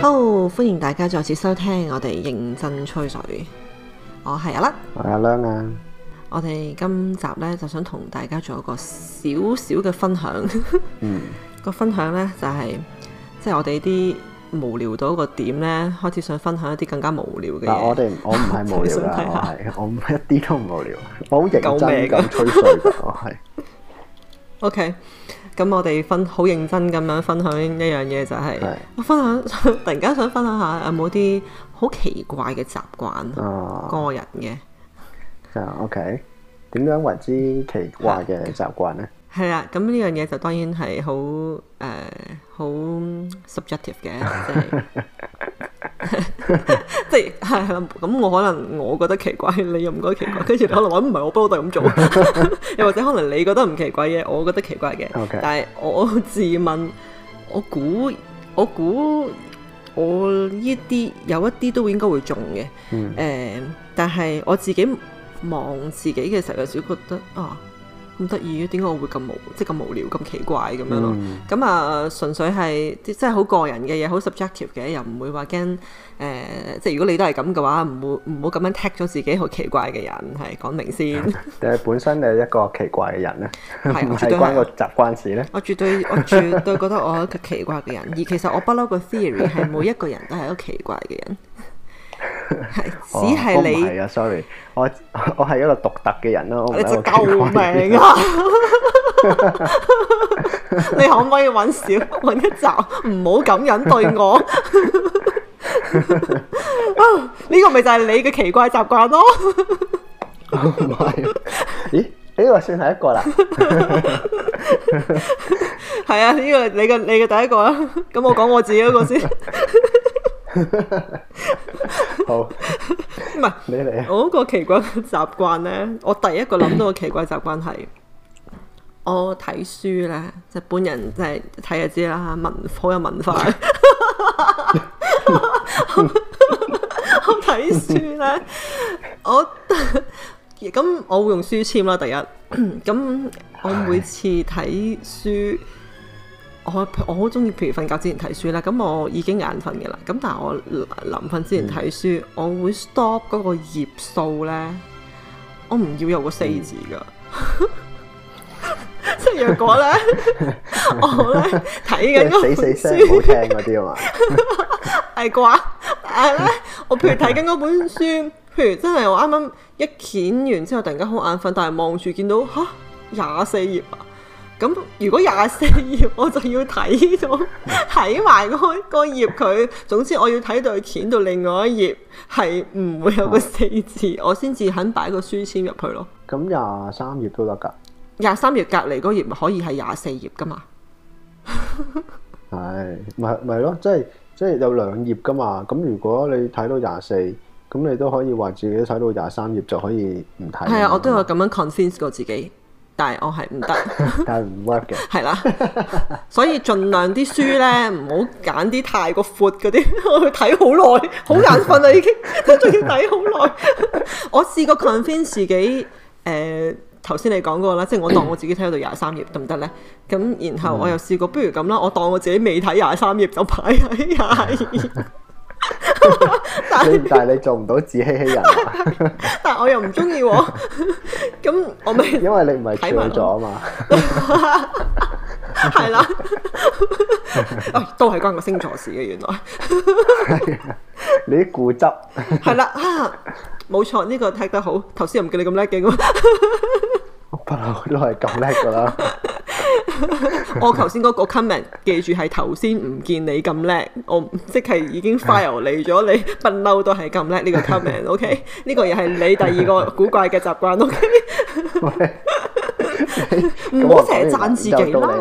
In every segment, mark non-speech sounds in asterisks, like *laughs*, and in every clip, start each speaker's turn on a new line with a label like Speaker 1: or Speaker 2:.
Speaker 1: Hello，歡迎大家再次收聽我哋認真吹水。我係阿啦，
Speaker 2: 我係阿亮啊。
Speaker 1: 我哋今集呢就想同大家做一個小小嘅分享。 *laughs* 嗯，個分享呢就係即係我哋啲無聊到一個點呢，開始想分享一啲更加無聊嘅嘢。我哋我唔係無聊啊， *laughs*
Speaker 2: 我一啲都唔無聊，救命啊、我好認真咁吹水 *laughs*
Speaker 1: OK，咁我哋分好認真咁樣分享一樣嘢就係、是，是我分享突然間想分享下有冇啲好奇怪嘅習慣，哦、個人嘅。就、yeah,
Speaker 2: OK，點樣為之奇怪嘅習慣呢？
Speaker 1: 係啦、啊，咁呢樣嘢就當然係好誒好 subjective 嘅。即、呃 *laughs* *laughs* 即係，係咁我可能我覺得奇怪，你又唔覺得奇怪，跟住可能我唔係我不嬲都係咁做， *laughs* 又或者可能你覺得唔奇怪嘅，我覺得奇怪嘅。Okay. 但係我自問，我估，我估，我呢啲有一啲都應該會中嘅。誒、嗯呃，但係我自己望自己嘅時候，就覺得哦。啊咁得意，點解我會咁無即係咁無聊、咁奇怪咁樣咯？咁啊、嗯呃，純粹係即係好個人嘅嘢，好 subjective 嘅，又唔會話驚誒。即係如果你都係咁嘅話，唔好唔好咁樣踢咗自己好奇怪嘅人，係講明先。
Speaker 2: 本身你係一個奇怪嘅人咧，係唔關個習慣事呢。
Speaker 1: 我絕對我絕對覺得我係一個奇怪嘅人， *laughs* 而其實我不嬲個 theory 係每一個人都係一個奇怪嘅人。只係你，係、oh,
Speaker 2: 啊，sorry，我我係一個獨特嘅人咯。你做救命啊！
Speaker 1: *laughs* *laughs* 你可唔可以揾少揾一集？唔好咁忍對我。呢 *laughs* *laughs* 個咪就係你嘅奇怪習慣咯。唔係，
Speaker 2: 咦？呢、這個算係
Speaker 1: 一個啦。係 *laughs* *laughs* 啊，呢、這個你嘅你嘅第一個啊。咁我講我自己嗰個先。 *laughs* 好，唔係、 *laughs* 嗯、 *laughs* 你嚟啊吧！我個奇怪習慣咧，我第一個諗到個奇怪習慣係我睇書咧，就係、是、本人即係睇就知啦，文好有文化。 *laughs* *laughs* *laughs* 我睇 *laughs* 書咧，我咁 *laughs* 我會用書籤啦。第一，咁 *coughs* 我每次睇書。我好中意，譬如瞓覺之前睇書啦，咁我已經眼瞓嘅啦，咁但係我臨瞓之前睇書，嗯、我會 stop 嗰個頁數咧，我唔要有個四字噶，即係若果咧呢， *laughs* 我咧睇緊嗰本書，好聽嗰啲啊嘛，係啩 *laughs* 吧？係咧？ *laughs* 我譬如睇緊嗰本書， *laughs* 譬如真係我啱啱一掀完之後，突然間好眼瞓，但係望住見到，吓，廿四頁啊！咁如果廿四頁，我就要睇到睇埋嗰個頁佢，總之我要睇到佢捲到另外一頁，係唔會有個四字，啊、我先至肯擺個書籤入去咯。咁廿三頁都得噶，廿三頁隔籬嗰頁咪可以係廿四頁噶嘛？
Speaker 2: 係咪咪咯？即係即係有兩頁噶嘛？咁如果你睇到廿四，咁你都可以話自己睇到廿三頁就可以唔睇。係啊，
Speaker 1: 我都有咁樣 convince 過自己。但係我係唔得，
Speaker 2: *laughs* 但係唔 work 嘅。
Speaker 1: 係啦，所以盡量啲書咧唔好揀啲太過闊嗰啲， *laughs* 我去睇好耐，好眼瞓啊，已經，都仲要睇好耐。 *laughs* 我試過 convince 自己，誒、呃，頭先你講過啦，即係我當我自己睇到廿三頁得唔得咧？咁然後我又試過，不如咁啦，我當我自己未睇廿三頁就擺喺廿
Speaker 2: *laughs* 但係是你,你做唔到自欺欺人， *laughs*
Speaker 1: *laughs* 但係我又唔中意，咁 *laughs* 我咪因為你唔係做咗啊嘛，係 *laughs* 啦 *laughs* 對了、 *laughs* 哎，都係關個星座事嘅，原來你啲固執係啦，冇錯呢個踢得好，頭先又唔見你咁叻嘅，我
Speaker 2: 不嬲都係咁叻噶啦。
Speaker 1: *laughs* 我頭先嗰個 comment 記住係頭先唔見你咁叻，我即係已經 file 你咗你，不嬲都係咁叻呢個 comment。OK，呢個又係你第二個古怪嘅習慣。OK，
Speaker 2: 唔好成日讚自己啦。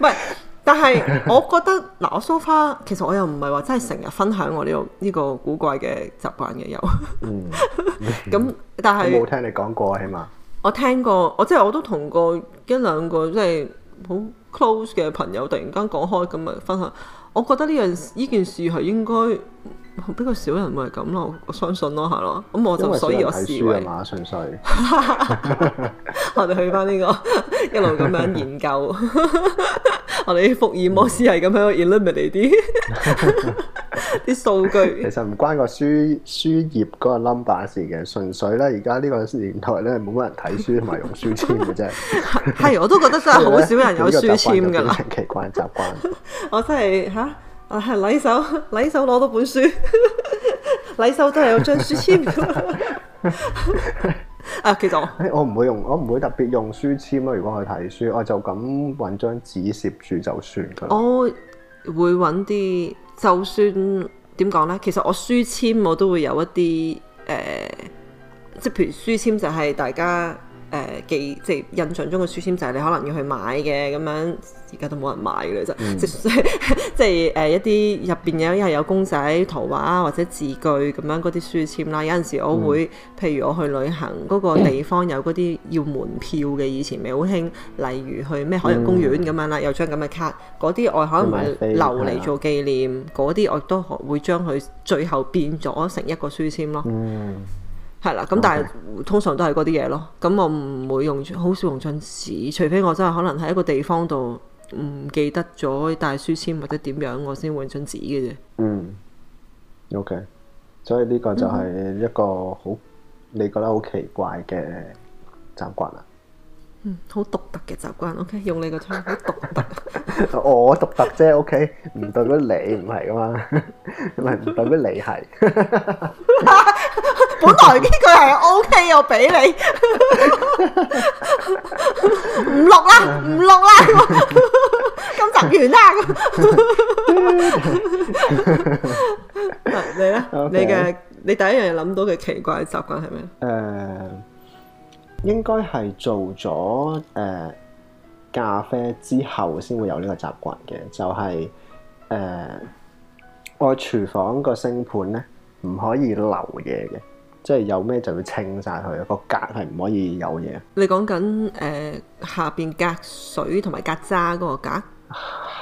Speaker 2: 唔
Speaker 1: 係，但係我覺得嗱，我 so far，其實我又唔係話真係成日分享我呢、這個呢、這個古怪嘅習慣嘅，又，咁，但係我冇
Speaker 2: 聽你講過，起碼。
Speaker 1: 我聽過，我即係我都同過一兩個即係好 close 嘅朋友突然間講開咁啊，分享。我覺得呢樣呢件事係應該比較少人咪係咁咯，我相信咯，係咯。咁我就所以我視為，純粹 *laughs* *laughs* 我哋去翻呢、呢個一路咁樣研究， *laughs* 我哋福爾摩斯係咁樣 eliminate 啲。 *laughs* 啲數據其
Speaker 2: 實唔關書書個書書頁嗰個 number 事嘅，純粹咧，而家呢個年代咧冇乜人睇書同埋用書籤嘅啫。
Speaker 1: 係，我都覺得真係好少人有書籤噶啦。 *laughs* 習
Speaker 2: 慣奇怪習慣
Speaker 1: *laughs* 我真係吓，啊禮手禮手攞到本書，禮 *laughs* 手都係有張書籤。
Speaker 2: *laughs* *laughs* 啊，其實我唔、欸、會用，我唔會特別用書籤咯。如果我睇書，我就咁揾張紙攝住就算。哦。
Speaker 1: Oh. 會揾啲，就算點講咧，其實我書簽我都會有一啲，誒、呃，即譬如書簽就係大家。誒記、呃，即係印象中嘅書簽就係你可能要去買嘅咁樣，而家都冇人買嘅就、嗯、 *laughs* 即係即、呃、一啲入邊有，一係有公仔、圖畫或者字句咁樣嗰啲書簽啦。有陣時我會，嗯、譬如我去旅行嗰、那個地方有嗰啲要門票嘅，以前咪好興，例如去咩海洋公園咁樣啦，有張咁嘅卡，嗰啲我可能留嚟做紀念，嗰啲我都會將佢最後變咗成一個書簽咯。嗯。係啦，咁但係通常都係嗰啲嘢咯。咁我唔會用，好少用進紙，除非我真係可能喺一個地方度唔記得咗帶書籤或者點樣，我先會用進紙嘅啫。嗯
Speaker 2: ，OK。所以呢個就係一個好，嗯，你覺得好奇怪嘅習慣啦。嗯，
Speaker 1: 好獨特嘅習慣。OK，用你個詞，好獨特。
Speaker 2: *laughs* *laughs* 我獨特啫，OK。唔代表你唔係噶嘛，唔係唔代表你係。 *laughs* 本來呢句
Speaker 1: 係 O K，我俾你唔錄啦，唔錄啦，咁 *laughs* 集完啦。 *laughs* *laughs* Okay. 你咧，你嘅你第一樣諗到嘅奇怪習慣係咩咧？誒、
Speaker 2: uh,，應該係做咗誒咖啡之後先會有呢個習慣嘅，就係、是、誒、uh, 我廚房個星盤咧唔可以留嘢嘅。即係有咩就要清晒佢，個格係唔可以有嘢。
Speaker 1: 你講緊誒下邊隔水同埋隔渣嗰個格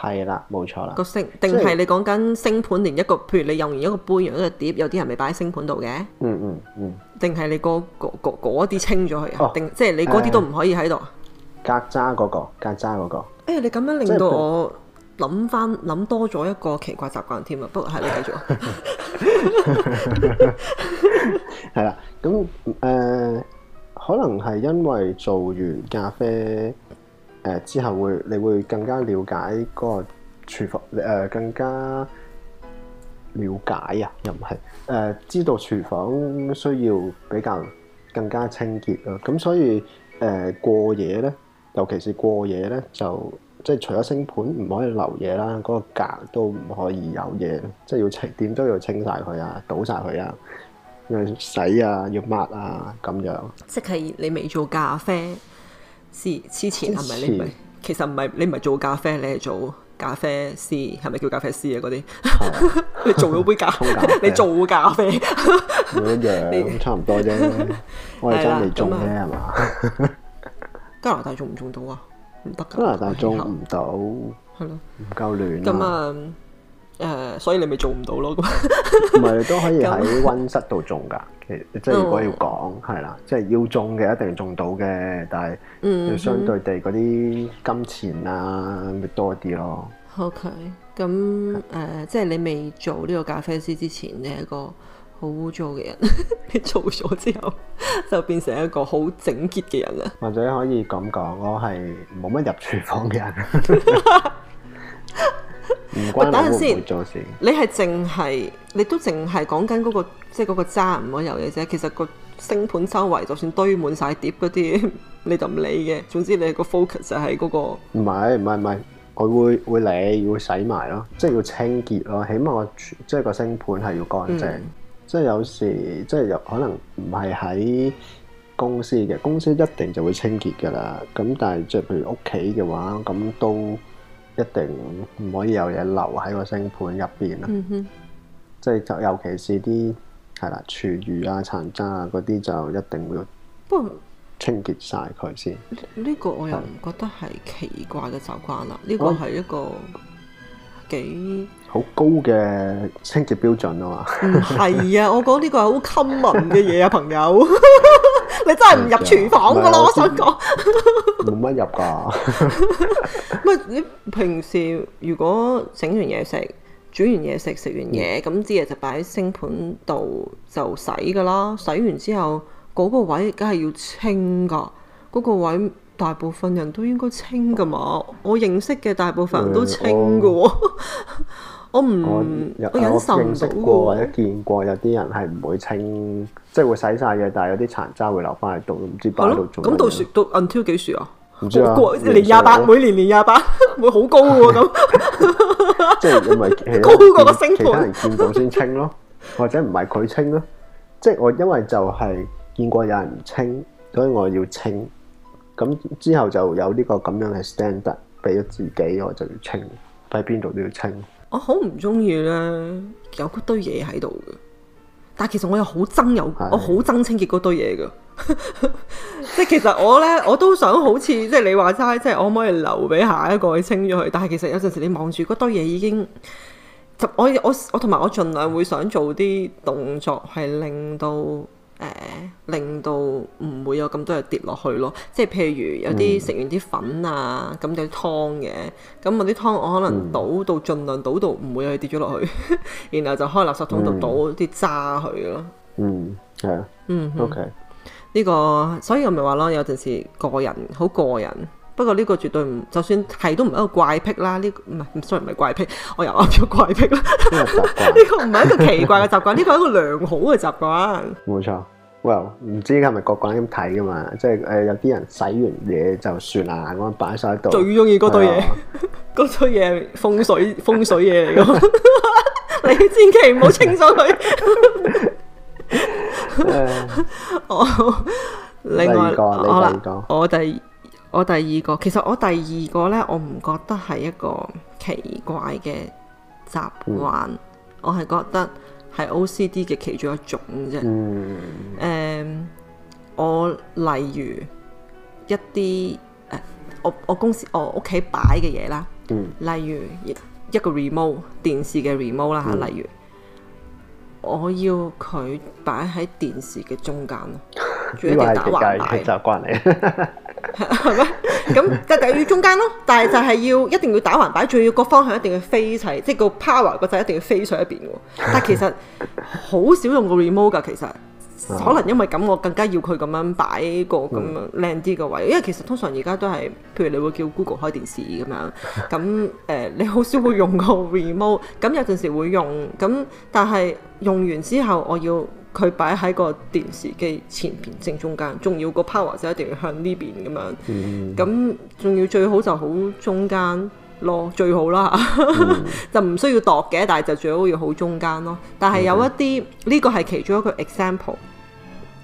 Speaker 2: 係 *laughs* 啦，冇錯啦。個星
Speaker 1: 定係你講緊星盤，連一個譬如你用完一個杯，用咗個碟，有啲人咪擺喺星盤度嘅。嗯嗯嗯。定係你嗰啲清咗佢啊？定、哦、即係你嗰啲、呃、都唔可以喺度。
Speaker 2: 隔渣嗰個，隔渣嗰個。
Speaker 1: 誒、欸，你咁樣令到我諗翻諗多咗一個奇怪習慣添啊！不過係你繼續。 *laughs* *laughs*
Speaker 2: 係啦，咁誒、呃、可能係因為做完咖啡誒、呃、之後會，會你會更加了解嗰個廚房誒、呃，更加了解啊，又唔係誒知道廚房需要比較更加清潔咯、啊。咁所以誒、呃、過夜咧，尤其是過夜咧，就即係、就是、除咗升盤，唔可以留嘢啦，嗰、那個格都唔可以有嘢，即、就、係、是、要清點都要清晒佢啊，倒晒佢啊。要洗啊，要抹啊，咁樣。
Speaker 1: 即係你未做咖啡之前，係咪你唔係？其實唔係你唔係做咖啡，你係做咖啡師，係咪叫咖啡師啊？嗰啲你做咗杯咖啡，你做咖啡冇
Speaker 2: 得嘢，差唔多啫。我哋真係種咩係嘛？
Speaker 1: 加拿大種唔種到啊？
Speaker 2: 唔得噶。加拿大種唔到，係咯？唔夠暖。咁啊
Speaker 1: ～誒，uh, 所以你咪做唔到咯？
Speaker 2: 唔係你都可以喺温室度種噶，其實即係如果要講係啦，即係要種嘅一定種到嘅，但係要相對地嗰啲金錢啊，會多啲咯。OK，
Speaker 1: 咁、嗯、誒，即係你未做呢個咖啡師之前，你係一個好污糟嘅人， *laughs* 你做咗之後就變成一個好整潔嘅人啦。或者可以咁
Speaker 2: 講，我係冇乜入廚房嘅人。 *laughs* *laughs*
Speaker 1: 喂，關等陣先，你係淨係，你都淨係講緊嗰個，即係嗰個渣唔可有嘅啫。其實個星盆周圍就算堆滿晒碟嗰啲，你就唔理嘅。總之你個 focus 就係嗰、嗰
Speaker 2: 個。唔係唔係唔係，我會會理會洗埋咯，即係要清潔咯。起碼我即係個星盆係要乾淨。即係、嗯、有時即係又可能唔係喺公司嘅，公司一定就會清潔噶啦。咁但係即係譬如屋企嘅話，咁都。一定唔可以有嘢留喺個鋅盤入邊啊！嗯、哼即係就尤其是啲係啦，廚餘啊、殘渣啊嗰啲就一定要，清潔晒佢先。
Speaker 1: 呢、這個我又唔覺得係奇怪嘅習慣啦，呢、這個係一個幾
Speaker 2: 好、哦、挺高嘅清潔標準啊嘛。嗯，唔係
Speaker 1: 啊，我講呢個係好 common 嘅嘢啊，朋友。 *laughs* 你真係唔入廚房噶咯唔係，我想講冇乜入噶。唔，你平時如果整完嘢食、煮完嘢食、食完嘢咁，啲嘢就擺喺星盆度就洗噶啦。洗完之後嗰個位梗係要清噶，嗰個位大部分人都應該清噶嘛。我認識嘅大部分人都清噶。嗯嗯 *laughs* 我唔，我有受，我識過或
Speaker 2: 者見過有啲人係唔會清，即係會洗晒嘢，但係有啲殘渣會留翻喺度，唔知擺喺度做咩。咁到雪
Speaker 1: 到 until 幾時啊？唔
Speaker 2: 知啊，年廿八每
Speaker 1: 年年廿八會好高嘅咁， *laughs* 樣 *laughs* 即
Speaker 2: 係因為高過個星，其他人見到先清咯，或者唔係佢清咯，即係我因為就係見過有人清，所以我要清。咁之後就有呢個咁樣嘅 standard 俾咗自己，我就要清，喺邊度都要清。
Speaker 1: 我好唔中意咧有嗰堆嘢喺度嘅，但係其實我又好憎有，的我好憎清潔嗰堆嘢噶，即 *laughs* 係其實我咧我都想好似即係你話齋，即係我可唔可以留俾下一個去清咗佢，但係其實有陣時你望住嗰堆嘢已經，就我我我同埋我盡量會想做啲動作係令到。誒、哎、令到唔會有咁多嘢跌落去咯，即係譬如有啲食完啲粉啊，咁啲、嗯、湯嘅，咁我啲湯我可能倒到、嗯、盡量倒到唔會有嘢跌咗落去， *laughs* 然後就開垃圾桶度倒啲渣佢咯嗯。嗯，係啊、
Speaker 2: 嗯哼，嗯，OK，呢、
Speaker 1: 呢個所以我咪話啦，有陣時個人好個人。不過呢個絕對唔，就算係都唔係一個怪癖啦。呢個唔係唔 sorry，唔係怪癖，我又啱咗怪癖啦。呢個唔係一個奇怪嘅習慣，呢個係 *laughs* 一個良好嘅習慣。
Speaker 2: 冇錯，Well，唔知係咪各個人咁睇噶嘛？即係誒、呃，有啲人洗完嘢就算啦，我擺晒喺度。最中意嗰堆嘢，
Speaker 1: 嗰、嗯、 *laughs* 堆嘢風水風水嘢嚟噶， *laughs* 你千祈唔好清楚佢。我另外好啦，我第個。第 *laughs* 我第二個，其實我第二個呢，我唔覺得係一個奇怪嘅習慣，嗯、我係覺得係 OCD 嘅其中一種啫。誒、嗯，um, 我例如一啲、呃、我我公司我屋企擺嘅嘢啦，嗯、例如一個 remote 電視嘅 remote 啦，嚇、嗯，例如我要佢擺喺電視嘅中間，仲要打橫擺嘅習慣嚟。 *laughs* 係啊，咁就等於中間咯，但係就係要一定要打橫擺，仲要個方向一定要飛齊，即係個 power 個掣一定要飛上一邊喎。但其實好少用個 remote 噶，其實可能因為咁，我更加要佢咁樣擺個咁樣靚啲個位，因為其實通常而家都係，譬如你會叫 Google 開電視咁樣，咁誒你好少會用個 remote，咁有陣時會用，咁但係用完之後我要。佢擺喺個電視機前邊正中間，仲要個 power 就一定要向呢邊咁樣。咁仲、嗯、要最好就好中間咯，最好啦，嗯、 *laughs* 就唔需要度嘅，但係就最好要好中間咯。但係有一啲呢個係其中一個 example，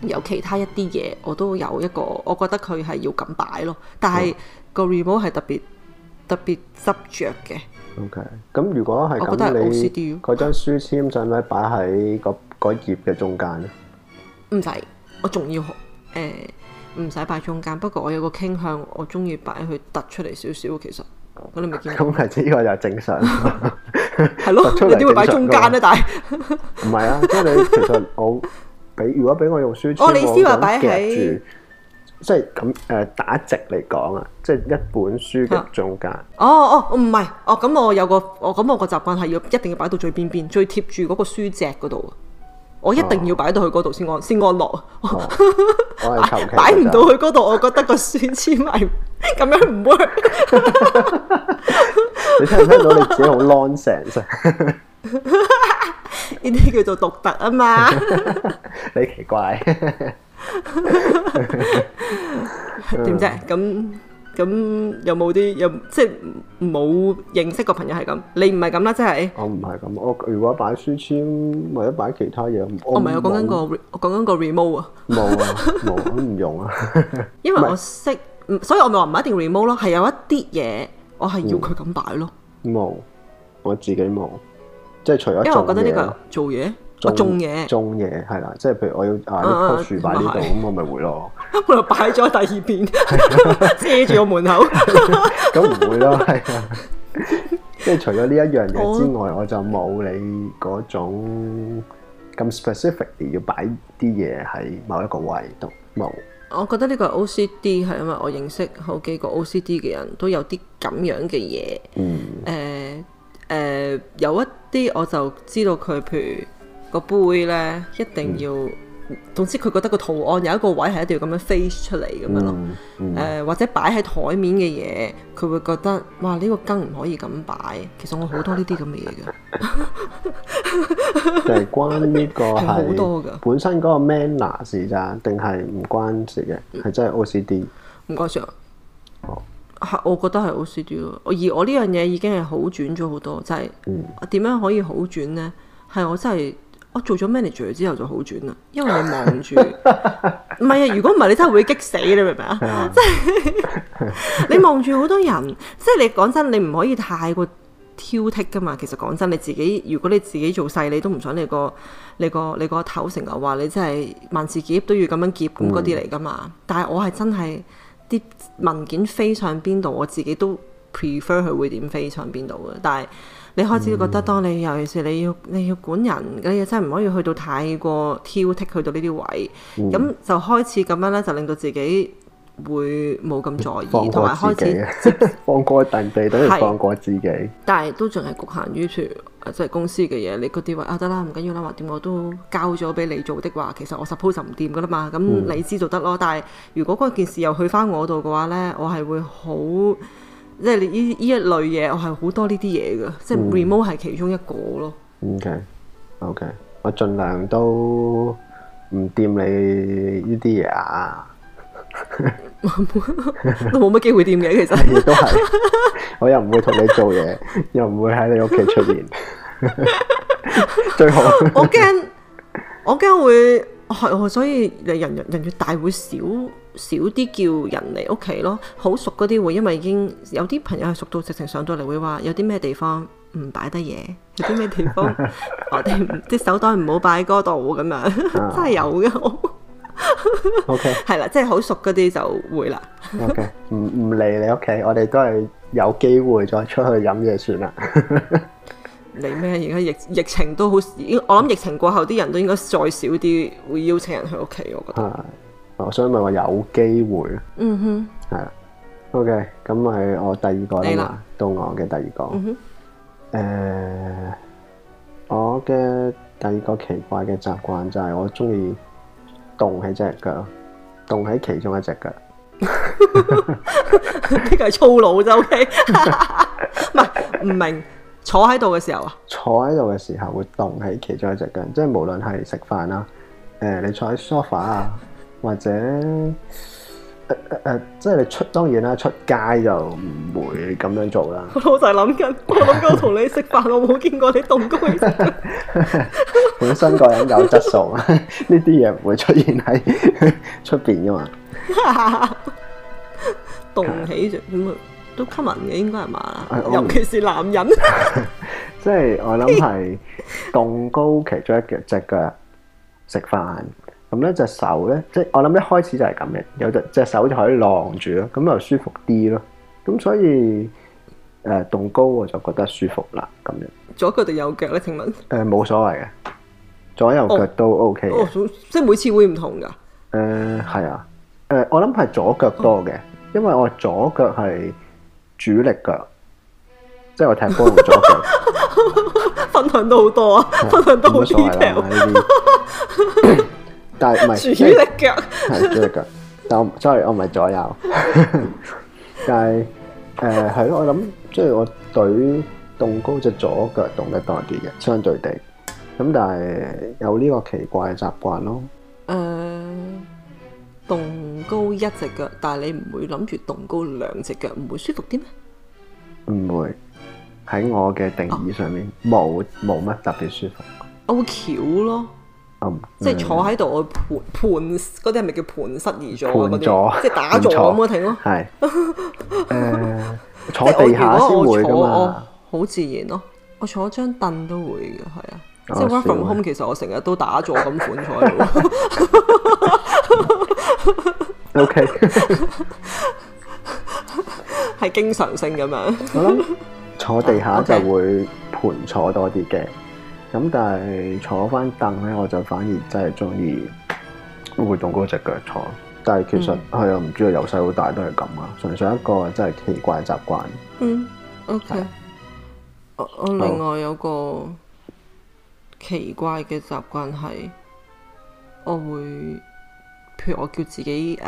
Speaker 1: 有其他一啲嘢我都有一個，我覺得佢係要咁擺咯。但係個 remote 係特別特別執着嘅、嗯。OK，咁如
Speaker 2: 果係咁，我覺得係 OCD。你嗰張書簽就咪擺喺個嗰頁嘅中間咧，
Speaker 1: 唔使我仲要誒，唔、呃、使擺中間。不過我有個傾向，我中意擺佢突出嚟少少。其實咁你咪見咁
Speaker 2: 係，呢個就係、啊、正常係 *laughs* 咯。 *laughs* 出你出嚟點會擺中間咧？但係唔係啊？即係你其實我俾如果俾我用書， *laughs* *laughs* 我諗夾喺、呃，即係咁誒打直嚟講啊，即係一本書嘅中間。哦、
Speaker 1: 啊、哦，唔係哦。咁、哦、我有個我咁我個習慣係要一定要擺到最邊邊，schedule, Luke, 最貼住嗰個書脊嗰度啊。我一定要擺到去嗰度先安先安樂，
Speaker 2: 擺唔到去
Speaker 1: 嗰度，我覺得個酸黐埋，咁樣唔 work。
Speaker 2: 你聽唔聽到你自己好 long
Speaker 1: sense？呢啲叫做獨特啊嘛，你奇怪？點啫？咁。咁有冇啲有即係冇認識個朋友係咁？你唔係咁啦，即
Speaker 2: 係。我唔係咁，我如果擺書籤或者擺其他嘢，我唔係我講緊個
Speaker 1: 講緊個 remote 啊。冇啊，
Speaker 2: 冇都唔用啊。
Speaker 1: 因為我識，所以我咪話唔一定 remote 咯，係有一啲嘢我係要佢咁擺咯。
Speaker 2: 冇，我自己冇，即係除咗因為我覺得呢個做嘢。我種嘢，種嘢係啦，即係譬如我要啊一棵樹擺呢度，咁我咪會咯。
Speaker 1: 我就擺咗第二邊遮住個門口，
Speaker 2: 咁 *laughs* 唔會咯，係啊。即係除咗呢一樣嘢之外，我，我就冇你嗰種咁 specific 要擺啲嘢喺某一個位度。冇、no.。
Speaker 1: 我覺得呢個 OCD 係因為，我認識好幾個 OCD 嘅人都有啲咁樣嘅嘢。嗯。誒誒，有一啲我就知道佢譬如。個杯呢一定要，總之佢覺得個圖案有一個位係一定要咁樣飛出嚟咁樣咯，誒、嗯嗯呃、或者擺喺台面嘅嘢，佢會覺得哇呢、這個羹唔可以咁擺。其實我好多呢啲咁嘅嘢嘅，就
Speaker 2: 係關呢個係好多嘅，本身嗰個 manners 咋，定係唔關事嘅，係真係 OCD。
Speaker 1: 唔該晒，哦、嗯，係、嗯、我覺得係 OCD 咯，而我呢樣嘢已經係好轉咗好多，就係、是、點樣可以好轉呢？係我真係。我做咗 manager 之後就好轉啦，因為你望住，唔係 *laughs* 啊！如果唔係你真係會激死你 *laughs* *laughs* 你明唔明啊？即係你望住好多人，即係你講真，你唔可以太過挑剔噶嘛。其實講真，你自己如果你自己做細，你都唔想你個你個你個頭成日話你真係萬事結都要咁樣結咁嗰啲嚟噶嘛。嗯、但係我係真係啲文件飛上邊度，我自己都 prefer 佢會點飛上邊度嘅，但係。你開始覺得，當你尤其是你要你要管人，嘅嘢，真係唔可以去到太過挑剔，去到呢啲位，咁、嗯、就開始咁樣咧，就令到自己會冇咁在意，同埋、啊、開始
Speaker 2: 放過，過自己，地 *laughs* 都係放過自己。
Speaker 1: 但係都仲係局限於説，即、就、係、是、公司嘅嘢，你嗰啲話啊得啦，唔緊要啦，話點我都交咗俾你做的話，其實我 to,、嗯、suppose 就唔掂噶啦嘛。咁你知道得咯。但係如果嗰件事又去翻我度嘅話咧，我係會好。即係你呢呢一類嘢，我係好多呢啲嘢嘅。嗯、即係 remote 係其中一個咯。OK，OK，、
Speaker 2: okay, okay. 我盡量都唔掂你呢啲嘢啊，
Speaker 1: *laughs* *laughs* 都冇乜機會掂嘅，其實。都係，
Speaker 2: 我又唔會同你做嘢， *laughs* 又唔會喺你屋企出面，
Speaker 1: *laughs* 最好我驚。 *laughs* 我驚，我驚會，所以人人人越大會少少啲叫人嚟屋企咯，好熟嗰啲會，因為已經有啲朋友係熟到直情上到嚟會話，有啲咩地方唔擺得嘢，有啲咩地方我哋啲 *laughs* 手袋唔好擺嗰度咁樣，啊、真係有嘅。O K，係啦，即係好熟嗰啲就會啦。
Speaker 2: O K，唔唔嚟你屋企，我哋都係有機會再出去飲嘢算啦。
Speaker 1: 你 *laughs* 咩？而家疫疫情都好，我諗疫情過後啲人都應該再少啲會邀請人去屋企，我
Speaker 2: 覺得。啊我想問我有機會。嗯哼，係啦。OK，咁係我第二個啦嘛，了到我嘅第二個。嗯哼。誒、呃，我嘅第二個奇怪嘅習慣就係我中意動喺隻腳，動喺其中一隻腳。
Speaker 1: 呢個係粗魯啫，OK。唔係，唔明。坐喺度嘅時候啊？
Speaker 2: 坐喺度嘅時候會動喺其中一隻腳，即係無論係食飯啦，誒、呃，你坐喺沙發啊。或者，誒誒誒，即係你出，當然啦，出街就唔會咁樣做啦。
Speaker 1: 我就係諗緊，我諗我同你食飯，我冇見過你凍高。
Speaker 2: 本身個人有質素，呢啲嘢唔會出現喺出邊噶嘛。
Speaker 1: 凍起着咁啊，都 common 嘅應該係嘛，尤其是男人。即係
Speaker 2: 我諗係凍高其中一隻腳食飯。咁咧隻手咧，即係我諗一開始就係咁嘅，有隻隻手就可以晾住咯，咁又舒服啲咯。咁所以，誒、呃，動高我就覺得舒服啦，咁樣。
Speaker 1: 左腳定右腳咧？請問？
Speaker 2: 誒、呃，冇所謂嘅，左右腳都 OK、哦哦。
Speaker 1: 即係每次會唔同噶？
Speaker 2: 誒、呃，係啊，誒、呃，我諗係左腳多嘅，因為我左腳係主力腳，即係我踢波用左腳
Speaker 1: *laughs* 分享都好多啊，分享都好
Speaker 2: 但係唔
Speaker 1: 係，係主力
Speaker 2: 腳。但係我 sorry，我唔係左右。但係誒，係咯，我諗即係我對凍高隻左腳凍得多啲嘅，相對地，咁但係有呢個奇怪嘅習慣咯。
Speaker 1: 誒，凍高一隻腳，但係你唔會諗住凍高兩隻腳，唔會舒服啲咩？
Speaker 2: 唔會，喺我嘅定義上面，冇冇乜特別舒服。
Speaker 1: 我會翹咯。
Speaker 2: 嗯、即係坐喺度
Speaker 1: 我盤盤嗰啲係咪叫盤失而坐？啲座即係打坐咁啊，停咯白。係，
Speaker 2: 坐地下先我，我坐我
Speaker 1: 好自然咯，我坐張凳都會嘅，係啊。即係 work from home，其實我成日都打坐咁款坐。喺度。O K，係經常性咁樣 *laughs* 。
Speaker 2: 坐地下就會盤坐多啲嘅。咁但係坐翻凳咧，我就反而真係中意會郁嗰隻腳坐。但係其實係啊，唔、嗯、知道由細到大都係咁啊，純粹一個真係奇怪習慣。嗯
Speaker 1: ，OK 的我。我另外有個奇怪嘅習慣係，我會譬如我叫自己誒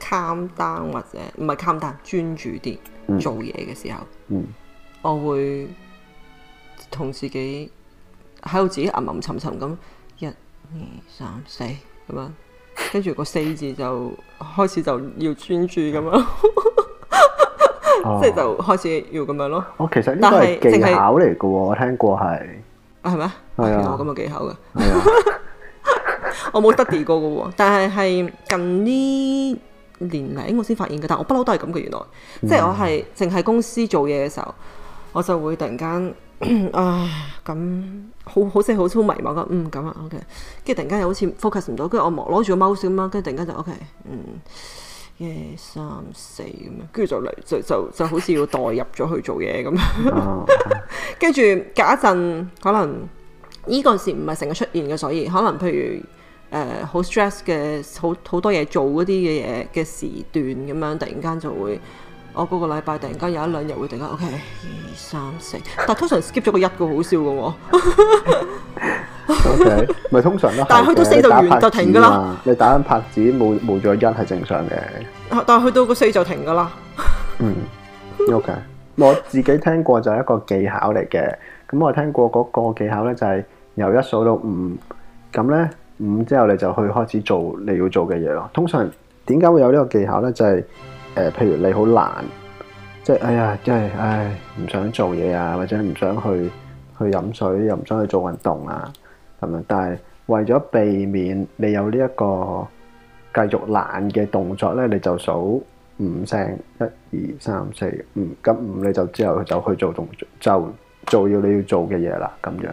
Speaker 1: ，calm down、um, 或者唔係 calm down 專注啲、嗯、做嘢嘅時候，嗯，我會同自己。喺度自己吟吟沉沉咁，一、二、三、四咁樣，跟住個四字就開始就要專注咁樣，
Speaker 2: *laughs* 即係就
Speaker 1: 開始要咁樣咯。
Speaker 2: 我、哦、其實呢個係技巧嚟嘅喎。是我聽過係
Speaker 1: 係咩我咁嘅技巧嘅，啊、 *laughs* 我冇得意過嘅喎。 *laughs* *laughs* 但係係近呢年嚟我先發現嘅，但我不嬲都係咁嘅，原來即係我係淨係公司做嘢嘅時候，我就會突然間啊咁。呃好好似好超迷茫咁，嗯咁啊，OK，跟住突然間又好似 focus 唔到，跟住我摸攞住個 mouse 咁樣，跟住突然間就 OK，嗯，一、二、三、四咁樣，跟住就嚟就就就好似要代入咗去做嘢咁樣，跟住隔一陣可能呢、這個時唔係成日出現嘅，所以可能譬如誒、呃、st 好 stress 嘅好好多嘢做嗰啲嘅嘢嘅時段咁樣，突然間就會。我嗰個禮拜突然間有一兩日會突然間，O K，二三四，但係通常 skip 咗個一個好笑嘅喎，O K，咪通常咯。但係去到四度完就停噶
Speaker 2: 啦。你打緊拍子冇冇咗一係正常嘅。
Speaker 1: 但係去到個四就停噶啦。嗯
Speaker 2: ，O K，我自己聽過就係一個技巧嚟嘅，咁我聽過嗰個技巧咧就係由一數到五，咁咧五之後你就去開始做你要做嘅嘢咯。通常點解會有呢個技巧咧就係？誒、呃，譬如你好懶，即係哎呀，即係唉，唔想做嘢啊，或者唔想去去飲水，又唔想去做運動啊，係咪？但係為咗避免你有呢一個繼續懶嘅動作咧，你就數五聲，一、二、三、四、五，咁五你就之後就去做動作，就做要你要做嘅嘢啦。咁樣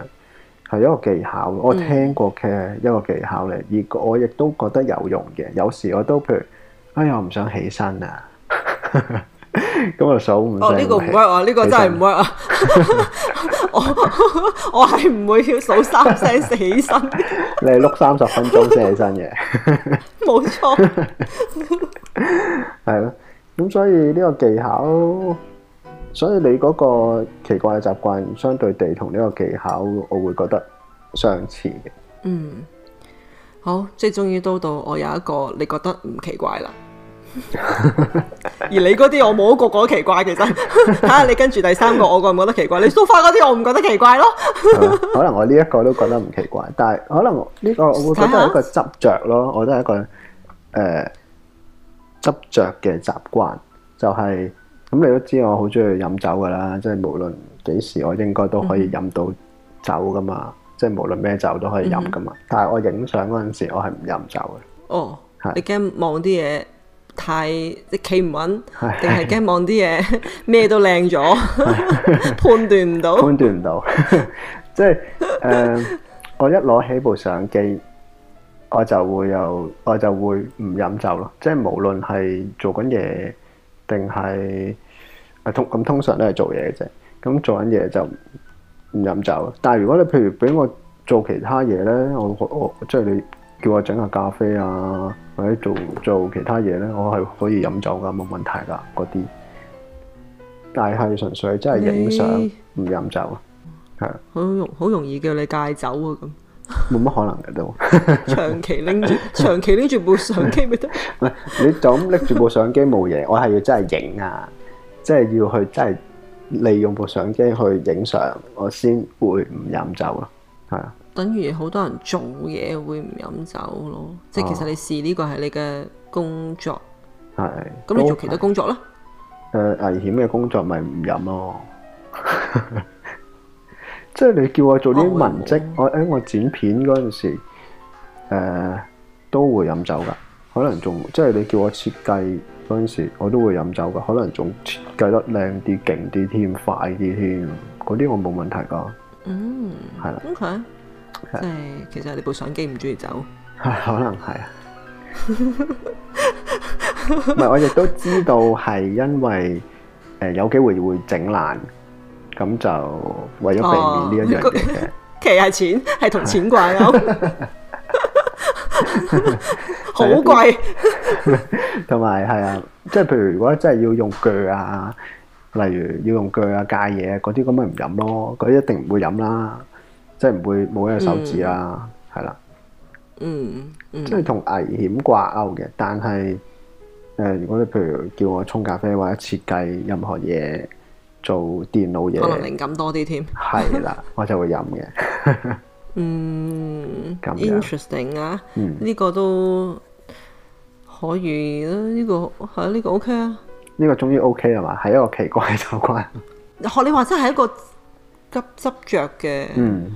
Speaker 2: 係一個技巧，嗯、我聽過嘅一個技巧嚟，而我亦都覺得有用嘅。有時我都譬如，哎呀，我唔想起身啊！咁啊數唔？哦呢個唔 work 啊，呢個真係
Speaker 1: 唔 work 啊！我我係唔會要數三聲四聲，你
Speaker 2: 係碌三十分鐘先起身嘅。
Speaker 1: 冇錯，
Speaker 2: 係咯。咁所以呢個技巧，所以你嗰個奇怪嘅習慣，相對地同呢個技巧，我會覺得相似嘅。嗯，
Speaker 1: 好，即係終於到到我有一個你覺得唔奇怪啦。 *laughs* 而你嗰啲我冇一個覺得奇怪，其實睇下 *laughs* *laughs* 你跟住第三個，我覺唔覺得奇怪？你梳化嗰啲我唔覺得奇怪咯
Speaker 2: *laughs* 可能我呢一個都覺得唔奇怪，但係可能呢個我會覺得係一個執着咯，看看我都係一個誒執着嘅習慣。就係、是、咁，你都知我好中意飲酒噶啦，即、就、係、是、無論幾時我應該都可以飲到酒噶嘛，嗯、即係無論咩酒都可以飲噶嘛。但係我影相嗰陣時我，我係唔飲
Speaker 1: 酒嘅。哦是，你驚望啲嘢？太即係企唔穩，定係驚望啲嘢咩都靚咗？
Speaker 2: 判
Speaker 1: 斷唔到，判
Speaker 2: 斷唔到。即係誒，我一攞起部相機，我就會有我就會唔飲酒咯。即係無論係做緊嘢定係啊通咁通常都係做嘢嘅啫。咁做緊嘢就唔飲酒。但係如果你譬如俾我做其他嘢咧，我我即係你叫我整下咖啡啊。或者做做其他嘢咧，我係可以飲酒噶，冇問題噶嗰啲。但係純粹真係影相唔飲酒，係
Speaker 1: 好容好容易叫你戒酒啊，咁。
Speaker 2: 冇 *laughs* 乜可能嘅都， *laughs*
Speaker 1: 長期拎住長期拎住部相機咪得。
Speaker 2: *laughs* *laughs* 你就咁拎住部相機冇嘢，我係要真係影啊，即係要去真係利用部相機去影相，我先會唔飲酒咯，係啊。
Speaker 1: 等於好多人做嘢會唔飲酒咯，即係其實你視呢個係你嘅工作，
Speaker 2: 係咁、哦、你做其他工作咯？誒、呃，危險嘅工作咪唔飲咯。
Speaker 1: *laughs* *laughs* 即係
Speaker 2: 你叫我做啲文職，哦、我喺我剪片嗰陣時，誒、呃、都會飲酒噶。可能仲即係你叫我設計嗰陣時，我都會飲酒噶。可能仲設計得靚啲、勁啲、添快啲添，嗰啲我冇問題噶。嗯，
Speaker 1: 係啦的，咁佢。即係，其實你部相機唔中意走，
Speaker 2: 係可能係，唔係我亦都知道係因為誒有機會會整爛，咁就為咗避免呢一樣嘢嘅。
Speaker 1: 其實係錢，係同錢掛鈎，好貴。
Speaker 2: 同埋係啊，即係譬如如果真係要用鋸啊，例如要用鋸啊戒嘢嗰啲，咁咪唔飲咯，嗰啲一定唔會飲啦。即係唔會冇一個手指啦，係啦、嗯的嗯，嗯，即係同危險掛鈎嘅。但係誒、呃，如果你譬如叫我沖咖啡或者設計任何嘢，做電腦嘢，可能靈
Speaker 1: 感多啲添。係啦，
Speaker 2: 我就會飲嘅。嗯，
Speaker 1: 咁樣 interesting 啊，呢、嗯、個都可以啦、啊，呢、呢個係呢、啊呢個 OK 啊，
Speaker 2: 呢個終於 OK 係嘛，係一個奇怪嘅習慣。
Speaker 1: 學你話真係一個。急執著嘅，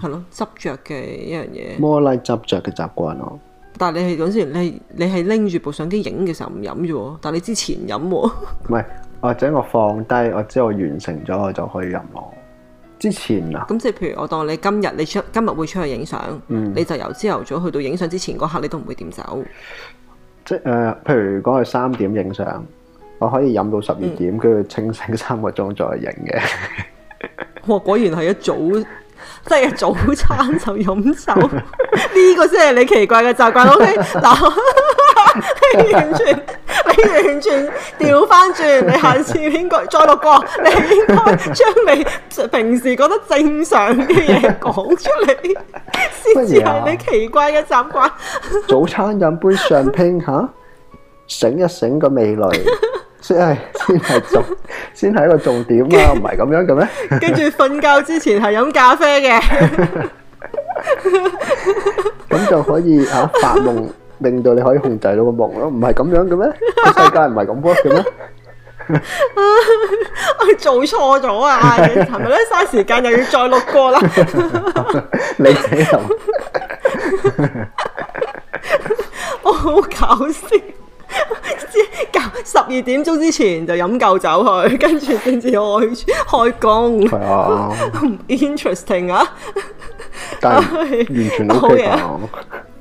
Speaker 1: 係咯、嗯，執著嘅一樣嘢。摩
Speaker 2: 拉、like、執着嘅習慣咯。
Speaker 1: 但係你係陣時，你係你係拎住部相機影嘅時候唔飲啫喎，但係你之前飲喎、
Speaker 2: 喔。唔係，或者我放低，我知我完成咗，我就可以飲咯。之前啊？咁
Speaker 1: 即係譬如我當你今日你出今日會出去影相，嗯、你就由朝頭早去到影相之前嗰刻，你都唔會點走。
Speaker 2: 即係、呃、誒，譬如講係三點影相，我可以飲到十二點，跟住、嗯、清醒三個鐘再影嘅。
Speaker 1: 我果然係一早即係、即係、早餐就飲酒。呢 *laughs* 個先係你奇怪嘅習慣。O K，嗱，你完全你完全調翻轉，你下次應該再落過，你應該將你平時覺得正常嘅嘢講出嚟，先至係你奇怪嘅習慣。啊、 *laughs* 早餐飲
Speaker 2: 杯上拼吓，醒一醒個味蕾。先係，先係重，先係一個重點啊，唔係咁樣嘅咩？跟住
Speaker 1: 瞓覺之前係飲咖啡嘅，
Speaker 2: 咁就可以啊發夢，令到你可以控制到個夢咯，唔係咁樣嘅咩？個世界唔係咁 work 嘅咩？
Speaker 1: 我做錯咗啊？你尋日咧？嘥時間又要再錄過啦？你死咁，我好搞笑。十二 *laughs* 點鐘之前就飲夠酒去，跟住先至開開工。係啊，interesting 啊，但係完全好 OK 啊。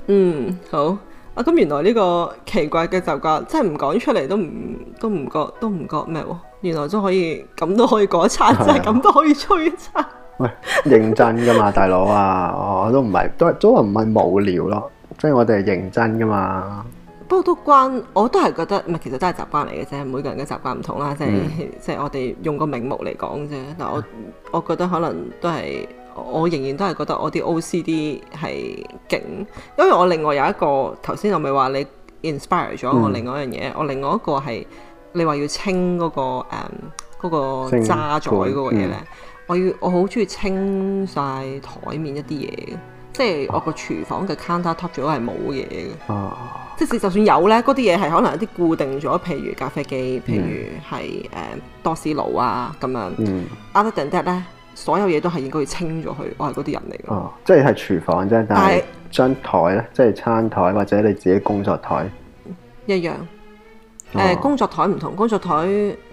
Speaker 1: 嗯，好啊。咁原來呢個奇怪嘅習慣，真係唔講出嚟都唔都唔覺都唔覺咩？原來都可以咁都可以過一餐，真係咁都可以吹一餐。
Speaker 2: *laughs* 喂，認真噶嘛，大佬啊，我、 *laughs* *laughs* 哦、都唔係都話唔係無聊咯，即係我哋係認真噶嘛。
Speaker 1: 不過都關，我都係覺得，唔係其實都係習慣嚟嘅啫。每個人嘅習慣唔同啦，即係即係我哋用個名目嚟講啫。但我我覺得可能都係，我仍然都係覺得我啲 OCD 係勁，因為我另外有一個頭先我咪話你 inspire 咗我另外一樣嘢，我另外一個係、嗯、你話要清嗰、嗰個誒、嗯嗰個、渣滓嗰個嘢咧、嗯，我要我好中意清晒台面一啲嘢。即係我個廚房嘅 counter top 咗係冇嘢嘅，哦、即使就算有咧，嗰啲嘢係可能一啲固定咗，譬如咖啡機，譬如係誒、嗯、多士爐啊咁樣。嗯、Other than that 咧，所有嘢都係應該要清咗佢。我係嗰啲人嚟嘅、
Speaker 2: 哦。即係係廚房啫，但係張台咧，是即係餐台或者你自己工作台
Speaker 1: 一樣。誒、呃、工作台唔同，工作台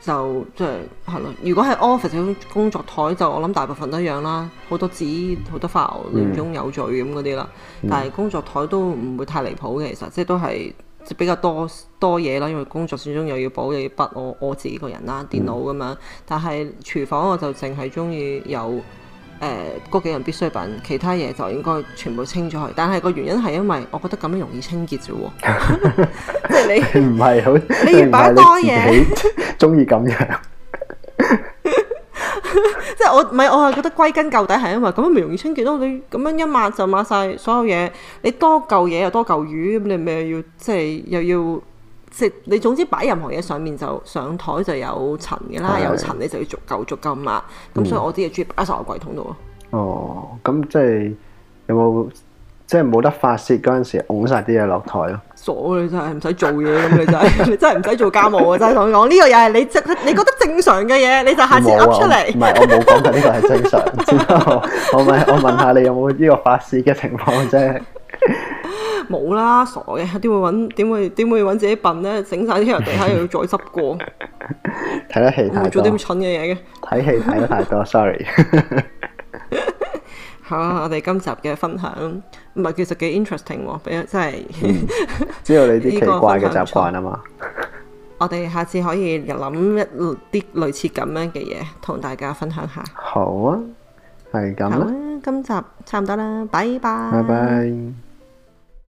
Speaker 1: 就即係係咯。如果係 office 工作台，就我諗大部分都一樣啦。好多紙，好多花，嗯、亂中有序咁嗰啲啦。嗯、但係工作台都唔會太離譜嘅，其實即係都係，即係比較多多嘢啦。因為工作始終又要簿又要筆，我我自己個人啦，電腦咁樣。嗯、但係廚房我就淨係中意有。誒，嗰幾樣必需品，其他嘢就應該全部清咗佢。但係個原因係因為，我覺得咁樣容易清潔啫。即係你
Speaker 2: 唔係好，你越擺得多嘢，中意咁樣。
Speaker 1: 即係我唔係，我係覺得歸根究底係因為咁樣咪容易清潔咯。你咁樣一抹就抹晒所有嘢，你多舊嘢又多舊魚咁你咪要即係又要。食你總之擺任何嘢上面就上台就有塵㗎啦，有塵你就要逐嚿逐嚿抹。咁所以我啲嘢主要擺晒喺櫃桶度咯。哦、 *laughs* 啊，
Speaker 2: 咁即係有冇即係冇得發洩嗰陣時，㧬晒啲嘢落台咯？
Speaker 1: 傻你真係，唔使做嘢咁你真係，真係唔使做家務啊！真係咁講，呢個又係你正你覺得正常嘅嘢，你就下次噏出嚟。唔係我冇
Speaker 2: 講緊呢個係正常，知道？ *laughs* 我問我問下你有冇呢個發洩嘅情況啫。surface sickness
Speaker 1: 冇啦，傻嘅，點會揾，點會點會揾自己笨呢？整晒啲人地下又要再執過，
Speaker 2: 睇得戲太多，做啲咁蠢
Speaker 1: 嘅嘢嘅，睇戲睇得太
Speaker 2: 多，sorry。
Speaker 1: *laughs* *laughs* 好啦、啊，我哋今集嘅分享唔係其實幾 interesting，、啊、比真係、嗯、知道你啲奇怪嘅習慣啊嘛。我哋下次可以諗一啲類似咁樣嘅嘢同大家分享下。
Speaker 2: 好啊，係咁啦，今
Speaker 1: 集差唔多啦，拜拜，拜
Speaker 2: 拜。